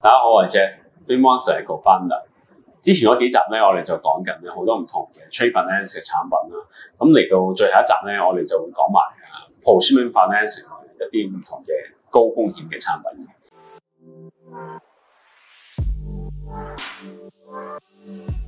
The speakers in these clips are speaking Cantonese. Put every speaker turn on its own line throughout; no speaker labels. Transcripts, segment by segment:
大家好，我係 Jess Dream One City 個 Bundle 之前嗰幾集咧，我哋就講緊咧好多唔同嘅 Trade Finance 嘅產品啦。咁嚟到最後一集咧，我哋就會講埋 Pursuing Finance 一啲唔同嘅高風險嘅產品。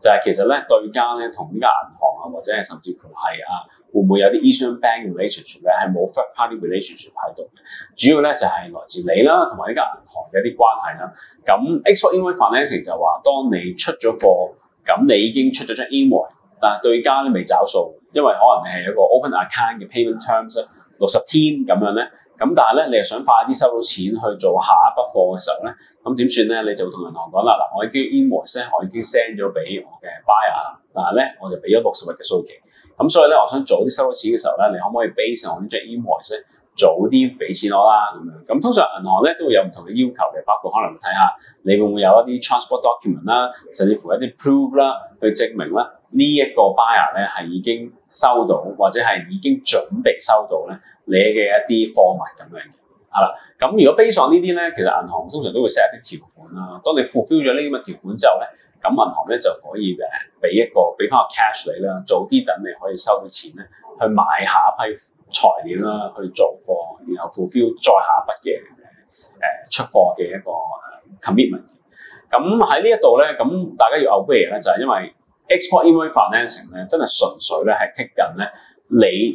就係其實咧，對家咧同呢間銀行啊，或者係甚至乎係啊，會唔會有啲 e 商 bank relationship 咧、啊，係冇 third party relationship 喺度？主要咧就係、是、來自你啦，同埋呢間銀行嘅一啲關係啦。咁 Export Invoice Financing 就話，當你出咗貨，咁、啊、你已經出咗張 invoice，但係對家咧未找數，因為可能你係一個 open account 嘅 payment terms 六十天咁樣咧。咁但係咧，你係想快啲收到錢去做下一筆貨嘅時候咧，咁點算咧？你就同銀行講啦，嗱，我已經 invoice，我已經 send 咗俾我嘅 buyer 啦，但係咧，我就俾咗六十日嘅數期。咁所以咧，我想早啲收到錢嘅時候咧，你可唔可以 base 我呢張 invoice 早啲俾錢我啦？咁樣咁通常銀行咧都會有唔同嘅要求嘅，包括可能會睇下你會唔會有一啲 transport document 啦，甚至乎一啲 prove 啦，去證明咧呢一個 buyer 咧係已經收到或者係已經準備收到咧。你嘅一啲貨物咁樣嘅，係啦，咁如果 basis 呢啲咧，其實銀行通常都會 set 一啲條款啦。當你 fulfill 咗呢啲嘅條款之後咧，咁銀行咧就可以誒俾一個俾翻個 cash 你啦，早啲等你可以收到錢咧，去買下一批材料啦，去做貨，然後 fulfill 再下一批嘅誒、呃、出貨嘅一個 commitment。咁喺呢一度咧，咁大家要 aware 咧，就係因為 export invoice financing 咧，真係純粹咧係吸近咧你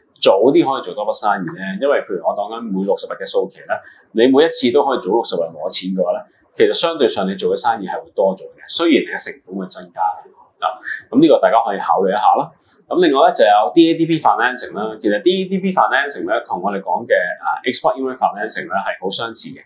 早啲可以做多筆生意咧，因為譬如我講緊每六十日嘅數期啦，你每一次都可以做六十日攞錢嘅話咧，其實相對上你做嘅生意係會多咗嘅，雖然你嘅成本會增加啦。咁、啊、呢、呢個大家可以考慮一下咯。咁、啊、另外咧就有 D A D P financing 啦，其實 D A D P financing 咧同我哋講嘅啊 export income financing 咧係好相似嘅。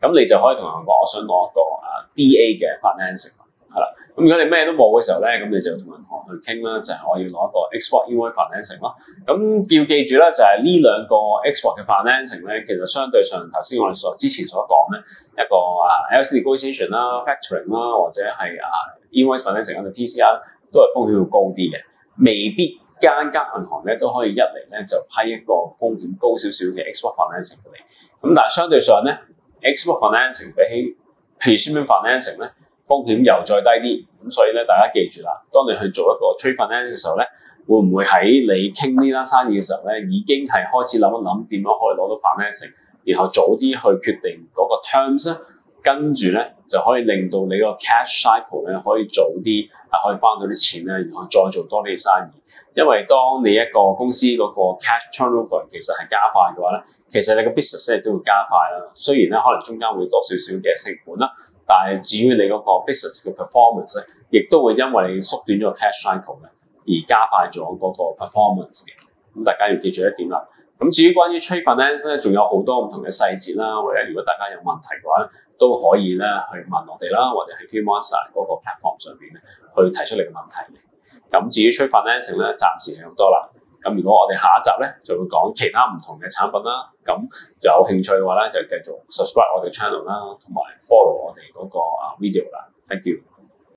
咁你就可以同銀行講，我想攞一個啊 D A 嘅 financing，係啦。咁如果你咩都冇嘅時候咧，咁你就同銀行去傾啦，就係、是、我要攞一個 export invoice financing 咯。咁要記住啦，就係呢兩個 export 嘅 financing 咧，其實相對上頭先我哋所之前所講咧一個啊 LC negotiation 啦、factoring 啦，或者係啊 invoice financing 同 T C R 都係風險要高啲嘅，未必間間銀行咧都可以一嚟咧就批一個風險高少少嘅 export financing 俾你。咁但係相對上咧。Expo financing 比起 traditional financing 咧，風險又再低啲，咁所以咧，大家記住啦，當你去做一個 trade financing 嘅時候咧，會唔會喺你傾呢單生意嘅時候咧，已經係開始諗一諗點樣可以攞到 financing，然後早啲去決定嗰個 terms 咧，跟住咧就可以令到你個 cash cycle 咧可以早啲啊可以翻到啲錢咧，然後再做多啲生意。因為當你一個公司嗰個 cash turnover 其實係加快嘅話咧，其實你個 business 都會加快啦。雖然咧可能中間會多少少嘅成本啦，但係至於你嗰個 business 嘅 performance 咧，亦都會因為你縮短咗 cash cycle 嘅，而加快咗嗰個 performance 嘅。咁大家要記住一點啦。咁至於關於 trade finance 咧，仲有好多唔同嘅細節啦。或者如果大家有問題嘅話，都可以咧去問我哋啦，或者喺 free master 嗰個 platform 上邊咧去提出你嘅問題。咁至於催發 a n c 咧，暫時係咁多啦。咁如果我哋下一集咧，就會講其他唔同嘅產品啦。咁有興趣嘅話咧，就繼續 subscribe 我哋 channel 啦，同埋 follow 我哋嗰個啊 video 啦。Thank you。